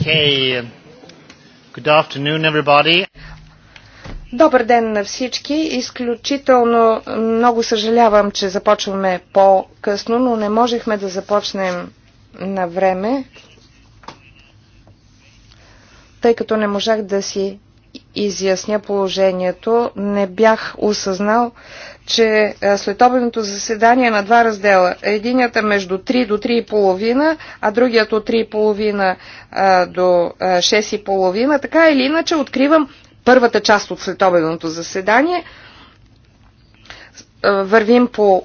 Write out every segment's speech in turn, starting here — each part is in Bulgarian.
Okay. Good afternoon, everybody. Добър ден на всички. Изключително много съжалявам, че започваме по-късно, но не можехме да започнем на време, тъй като не можах да си изясня положението. Не бях осъзнал, че след обедното заседание на два раздела, единият е между 3 до 3,5, а другият от 3,5 до 6,5, така или иначе откривам първата част от следобедното заседание. Вървим по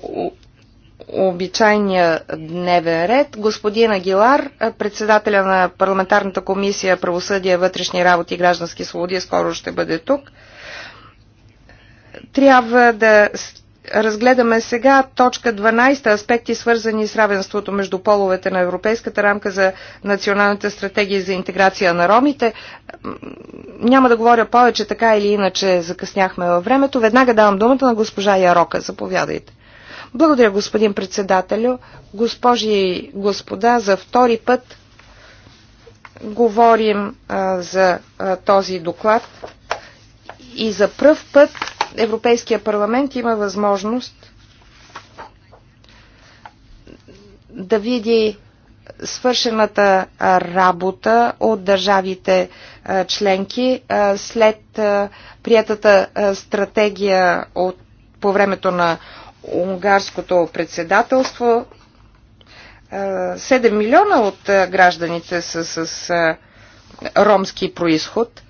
обичайния дневен ред. Господин Агилар, председателя на парламентарната комисия правосъдие, вътрешни работи и граждански свободи, скоро ще бъде тук. Трябва да разгледаме сега точка 12, аспекти свързани с равенството между половете на Европейската рамка за националната стратегия за интеграция на ромите. Няма да говоря повече, така или иначе закъсняхме във времето. Веднага давам думата на госпожа Ярока. Заповядайте. Благодаря, господин председателю. Госпожи и господа, за втори път говорим а, за а, този доклад и за пръв път Европейския парламент има възможност да види свършената работа от държавите членки след приятата стратегия от, по времето на унгарското председателство. 7 е, милиона от е, гражданите са с е, ромски происход.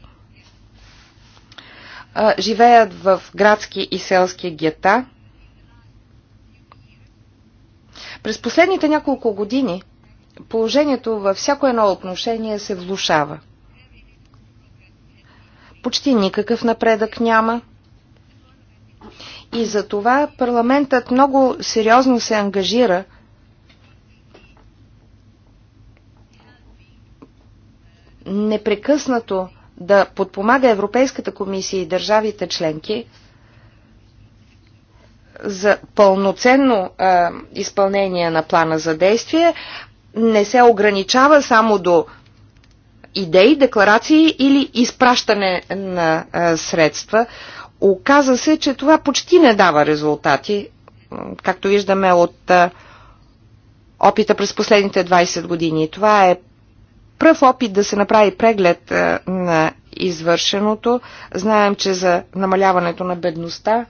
Живеят в градски и селски гета. През последните няколко години положението във всяко едно отношение се влушава. Почти никакъв напредък няма. И за това парламентът много сериозно се ангажира непрекъснато да подпомага Европейската комисия и държавите членки за пълноценно е, изпълнение на плана за действие, не се ограничава само до идеи, декларации или изпращане на средства. Оказа се, че това почти не дава резултати, както виждаме от опита през последните 20 години. Това е пръв опит да се направи преглед на извършеното. Знаем, че за намаляването на бедността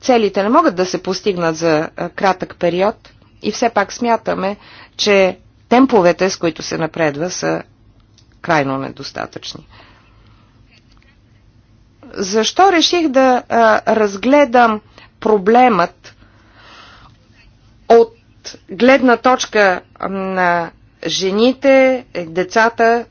целите не могат да се постигнат за кратък период и все пак смятаме, че темповете, с които се напредва, са крайно недостатъчни. Защо реших да а, разгледам проблемът от гледна точка на жените, децата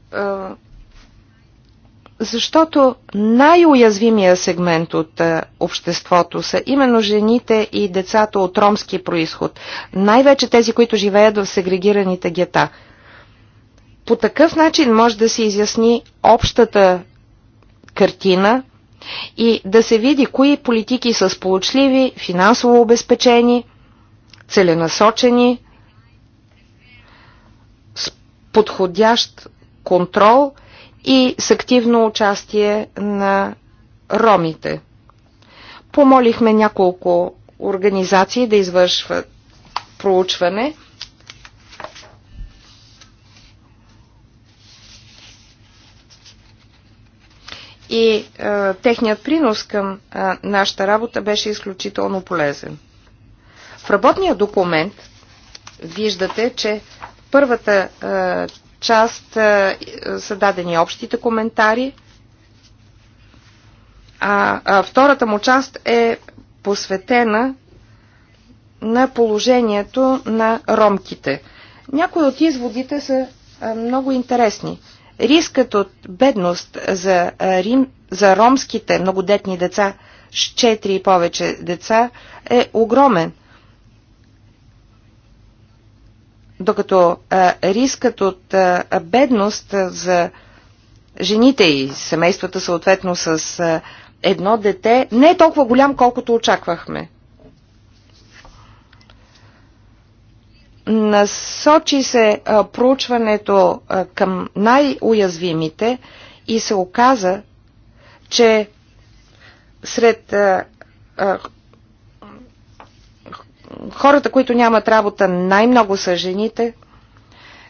защото най-уязвимия сегмент от е, обществото са именно жените и децата от ромски происход. Най-вече тези, които живеят в сегрегираните гета. По такъв начин може да се изясни общата картина и да се види кои политики са сполучливи, финансово обезпечени, целенасочени, с подходящ контрол и с активно участие на ромите. Помолихме няколко организации да извършват проучване. И е, техният принос към е, нашата работа беше изключително полезен. В работния документ виждате, че първата е, част е, са дадени общите коментари, а втората му част е посветена на положението на ромките. Някои от изводите са е, много интересни. Рискът от бедност за, е, рим, за ромските многодетни деца с 4 и повече деца е огромен. докато рискът от бедност за жените и семействата съответно с едно дете не е толкова голям, колкото очаквахме. Насочи се проучването към най-уязвимите и се оказа, че сред хората, които нямат работа, най-много са жените.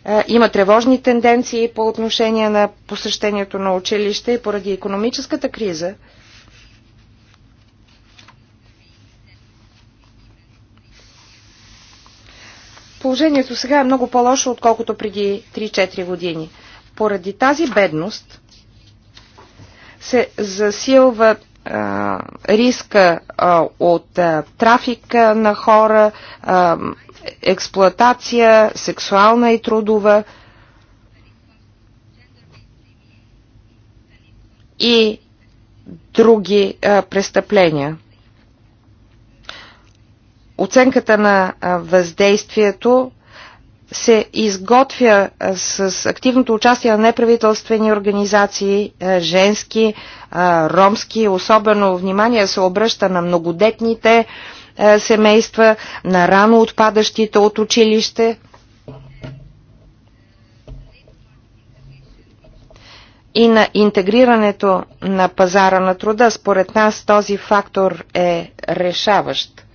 Е, има тревожни тенденции по отношение на посещението на училище и поради економическата криза. Положението сега е много по-лошо, отколкото преди 3-4 години. Поради тази бедност се засилва риска от трафика на хора, експлоатация, сексуална и трудова и други престъпления. Оценката на въздействието се изготвя с активното участие на неправителствени организации, женски, ромски. Особено внимание се обръща на многодетните семейства, на рано отпадащите от училище. и на интегрирането на пазара на труда. Според нас този фактор е решаващ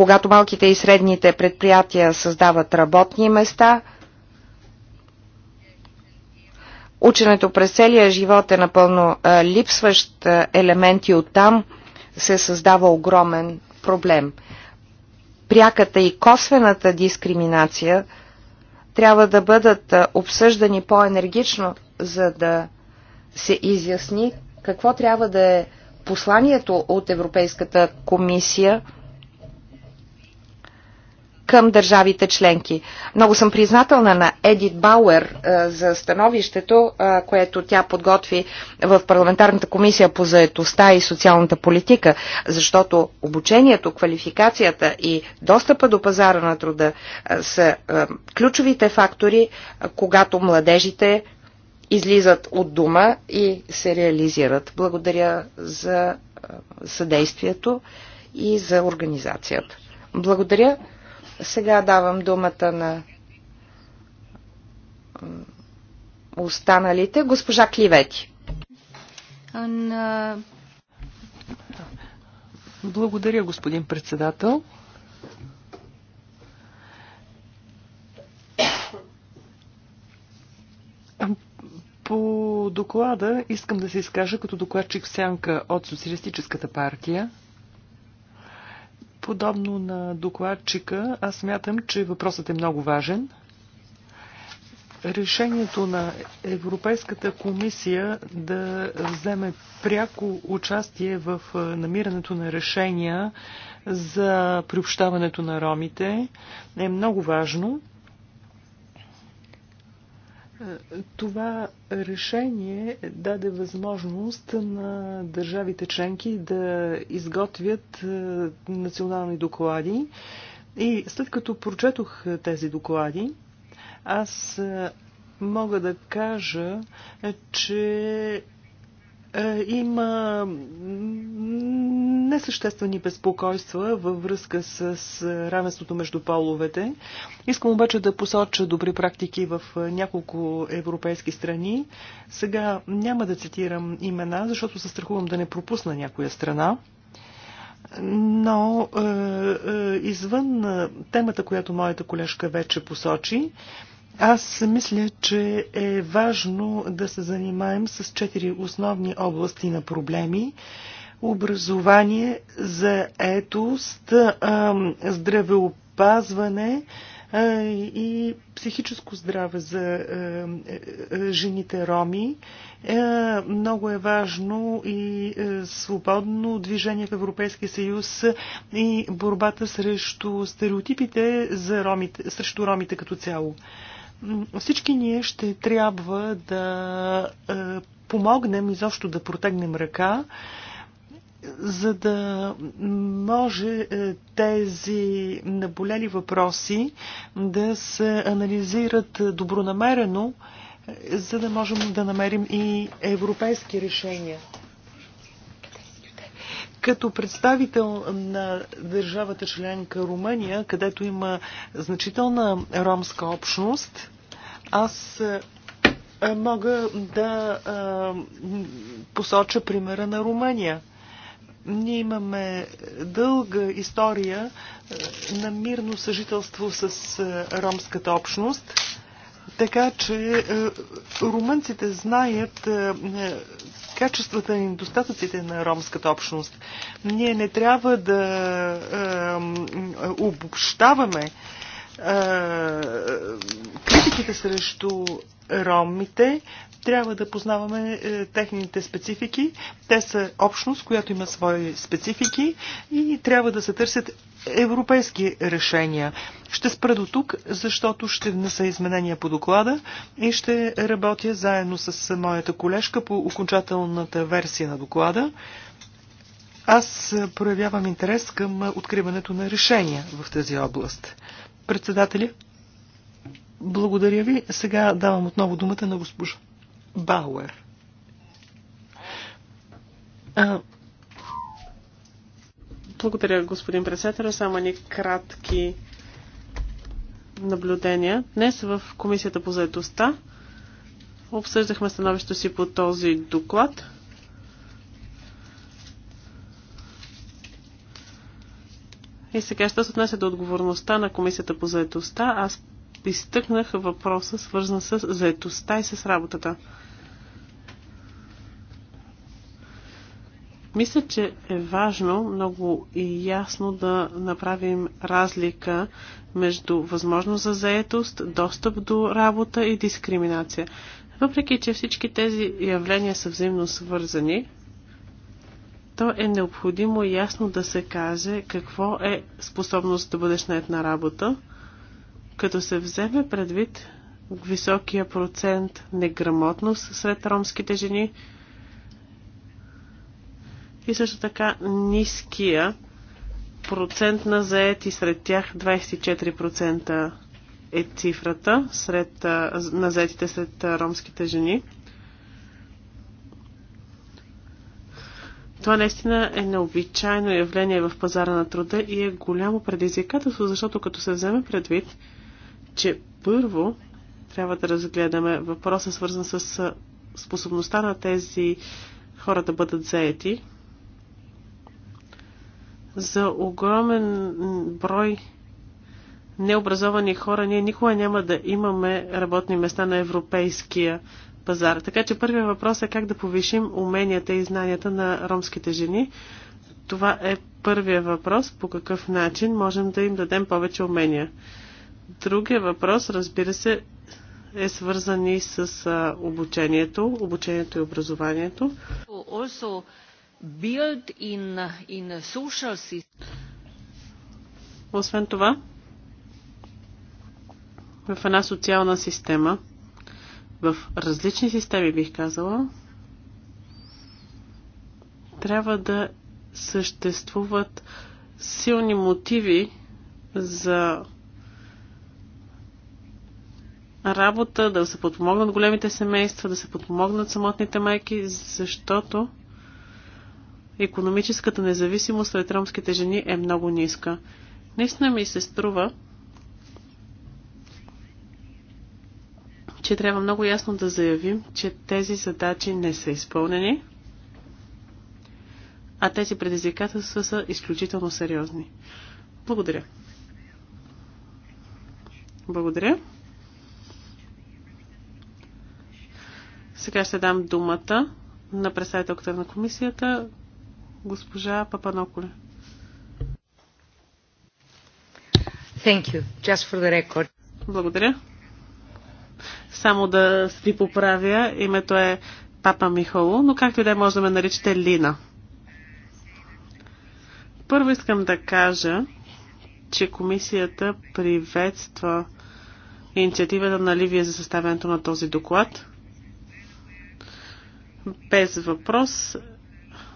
когато малките и средните предприятия създават работни места, ученето през целия живот е напълно липсващ елемент и оттам се създава огромен проблем. Пряката и косвената дискриминация трябва да бъдат обсъждани по-енергично, за да се изясни какво трябва да е посланието от Европейската комисия – към държавите членки. Много съм признателна на Едит Бауер е, за становището, е, което тя подготви в парламентарната комисия по заетостта и социалната политика, защото обучението, квалификацията и достъпа до пазара на труда е, са ключовите фактори, когато младежите излизат от дома и се реализират. Благодаря за съдействието и за организацията. Благодаря. Сега давам думата на останалите. Госпожа Кливети. Благодаря, господин председател. По доклада искам да се изкажа като докладчик в сянка от Социалистическата партия. Подобно на докладчика, аз смятам, че въпросът е много важен. Решението на Европейската комисия да вземе пряко участие в намирането на решения за приобщаването на ромите е много важно. Това решение даде възможност на държавите членки да изготвят национални доклади. И след като прочетох тези доклади, аз мога да кажа, че има несъществени безпокойства във връзка с равенството между половете. Искам обаче да посоча добри практики в няколко европейски страни. Сега няма да цитирам имена, защото се страхувам да не пропусна някоя страна. Но е, е, извън темата, която моята колежка вече посочи, аз мисля, че е важно да се занимаем с четири основни области на проблеми, образование, за етост, здравеопазване и психическо здраве за е, е, жените роми. Е, много е важно и свободно движение в Европейския съюз и борбата срещу стереотипите за ромите, срещу ромите като цяло. Всички ние ще трябва да помогнем изобщо да протегнем ръка за да може е, тези наболели въпроси да се анализират добронамерено, е, за да можем да намерим и европейски решения. Като представител на държавата членка Румъния, където има значителна ромска общност, аз е, мога да посоча примера на Румъния ние имаме дълга история е, на мирно съжителство с е, ромската общност, така че е, румънците знаят качествата и недостатъците на ромската общност. Ние не трябва да обобщаваме критиките срещу ромите, трябва да познаваме е, техните специфики. Те са общност, която има свои специфики и трябва да се търсят европейски решения. Ще спра до тук, защото ще внеса изменения по доклада и ще работя заедно с моята колежка по окончателната версия на доклада. Аз проявявам интерес към откриването на решения в тази област. Председателя, благодаря ви. Сега давам отново думата на госпожа Бауер. А... Благодаря, господин председател. Само ни кратки наблюдения. Днес в Комисията по заедостта обсъждахме становището си по този доклад. И сега, ще се отнася до отговорността на Комисията по заедостта, аз Изтъкнаха въпроса, свързан с заетостта и с работата. Мисля, че е важно много и ясно да направим разлика между възможност за заетост, достъп до работа и дискриминация. Въпреки, че всички тези явления са взаимно свързани, то е необходимо ясно да се каже какво е способност да бъдеш на една работа като се вземе предвид високия процент неграмотност сред ромските жени и също така ниския процент на заети сред тях 24% е цифрата сред, на заетите сред ромските жени. Това наистина е необичайно явление в пазара на труда и е голямо предизвикателство, защото като се вземе предвид, че първо трябва да разгледаме въпроса, свързан с способността на тези хора да бъдат заети. За огромен брой необразовани хора ние никога няма да имаме работни места на европейския пазар. Така че първият въпрос е как да повишим уменията и знанията на ромските жени. Това е първият въпрос, по какъв начин можем да им дадем повече умения. Другия въпрос, разбира се, е свързан и с обучението, обучението и образованието. Освен това, в една социална система, в различни системи бих казала, трябва да съществуват силни мотиви за работа, да се подпомогнат големите семейства, да се подпомогнат самотните майки, защото економическата независимост сред ромските жени е много ниска. Наистина ми се струва, че трябва много ясно да заявим, че тези задачи не са изпълнени, а тези предизвикателства са изключително сериозни. Благодаря. Благодаря. Сега ще дам думата на представителката на комисията, госпожа Папаноколе. Thank you. Just for the record. Благодаря. Само да ви поправя, името е Папа Михало, но както и да е, може да ме наричате Лина. Първо искам да кажа, че комисията приветства инициативата на Ливия за съставянето на този доклад без въпрос,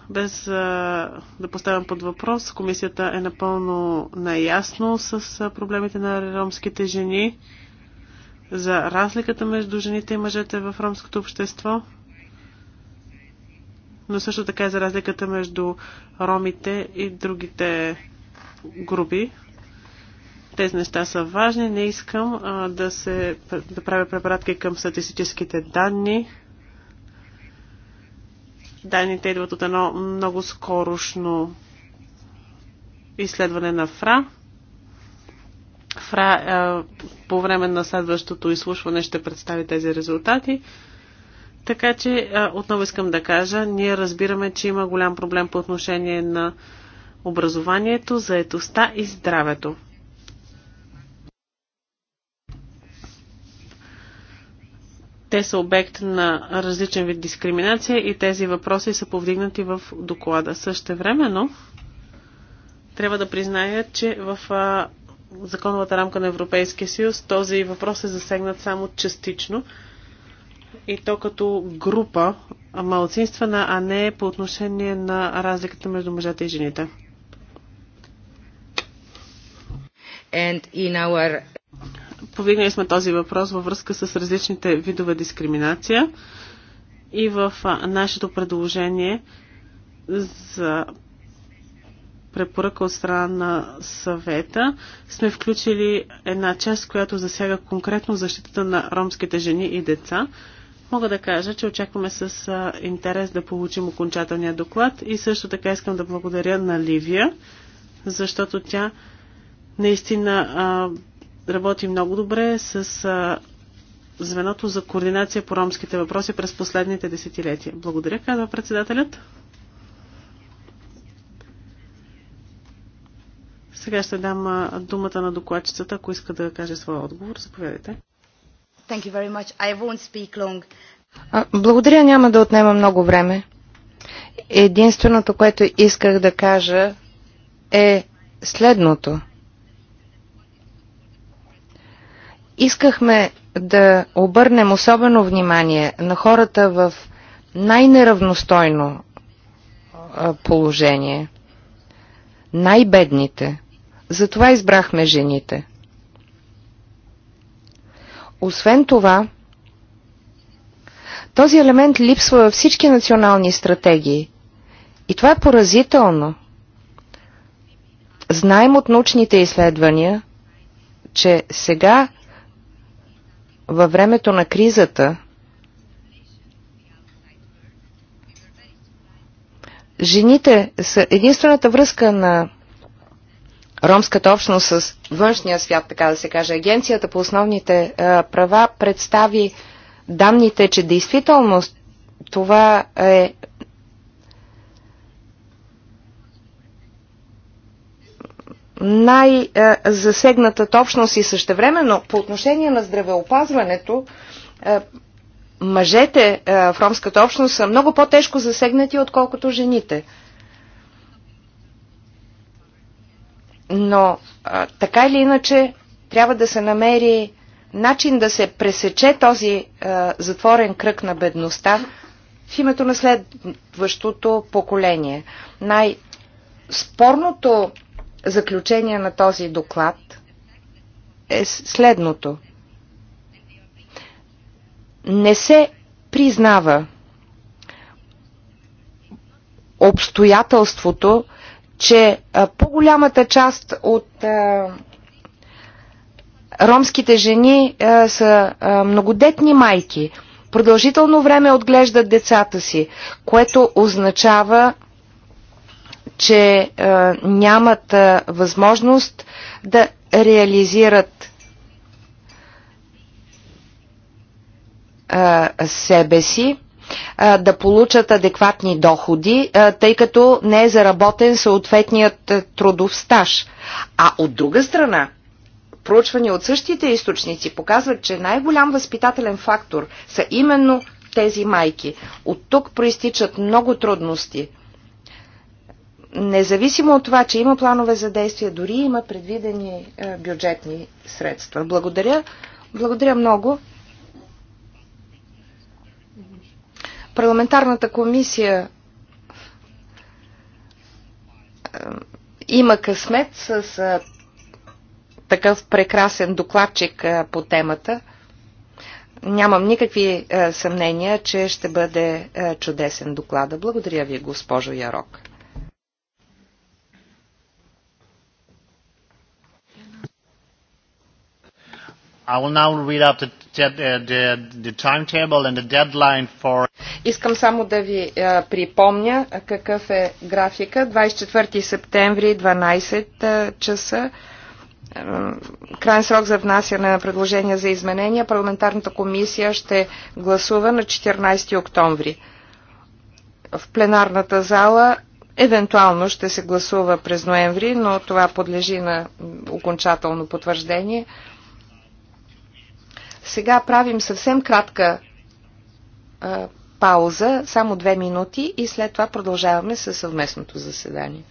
без да поставям под въпрос, комисията е напълно наясно с проблемите на ромските жени, за разликата между жените и мъжете в ромското общество, но също така и за разликата между ромите и другите групи. Тези неща са важни. Не искам а, да, се, да правя препаратки към статистическите данни. Данните идват от едно много скорошно изследване на ФРА. ФРА е, по време на следващото изслушване ще представи тези резултати. Така че е, отново искам да кажа, ние разбираме, че има голям проблем по отношение на образованието, заетостта и здравето. Те са обект на различен вид дискриминация и тези въпроси са повдигнати в доклада. Също времено трябва да призная, че в законовата рамка на Европейския съюз този въпрос е засегнат само частично и то като група малцинствена, а не по отношение на разликата между мъжете и жените. And in our Повигнали сме този въпрос във връзка с различните видове дискриминация и в нашето предложение за препоръка от страна на съвета сме включили една част, която засяга конкретно защитата на ромските жени и деца. Мога да кажа, че очакваме с интерес да получим окончателния доклад и също така искам да благодаря на Ливия, защото тя наистина работи много добре с а, звеното за координация по ромските въпроси през последните десетилетия. Благодаря, казва председателят. Сега ще дам думата на докладчицата, ако иска да каже своя отговор. Заповядайте. Thank you very much. I won't speak long. А, благодаря, няма да отнема много време. Единственото, което исках да кажа е следното – Искахме да обърнем особено внимание на хората в най-неравностойно положение, най-бедните. Затова избрахме жените. Освен това, този елемент липсва във всички национални стратегии. И това е поразително. Знаем от научните изследвания, че сега във времето на кризата жените са единствената връзка на ромската общност с външния свят, така да се каже. Агенцията по основните е, права представи данните, че действително това е най-засегнатата общност и същевременно по отношение на здравеопазването е, мъжете е, в ромската общност са много по-тежко засегнати, отколкото жените. Но е, така или иначе трябва да се намери начин да се пресече този затворен кръг на бедността в името на следващото поколение. Най-спорното заключение на този доклад е следното. Не се признава обстоятелството, че по-голямата част от а, ромските жени а, са а, многодетни майки. Продължително време отглеждат децата си, което означава че е, нямат е, възможност да реализират е, себе си, да получат адекватни доходи, тъй като не е заработен съответният трудов стаж. А от друга страна, проучвания от същите източници показват, че най-голям възпитателен фактор са именно тези майки. От тук проистичат много трудности – независимо от това, че има планове за действие, дори има предвидени е, бюджетни средства. Благодаря. Благодаря много. Парламентарната комисия е, има късмет с е, такъв прекрасен докладчик по темата. Нямам никакви съмнения, че ще бъде чудесен доклада. Благодаря ви, госпожо Ярок. I will now read out the, uh, the, the timetable and the deadline for... Искам само да ви е, припомня какъв е графика. 24 септември, 12 е, часа. Е, крайен срок за внасяне на предложения за изменения. Парламентарната комисия ще гласува на 14 октомври. В пленарната зала евентуално ще се гласува през ноември, но това подлежи на окончателно потвърждение. Сега правим съвсем кратка а, пауза, само две минути и след това продължаваме със съвместното заседание.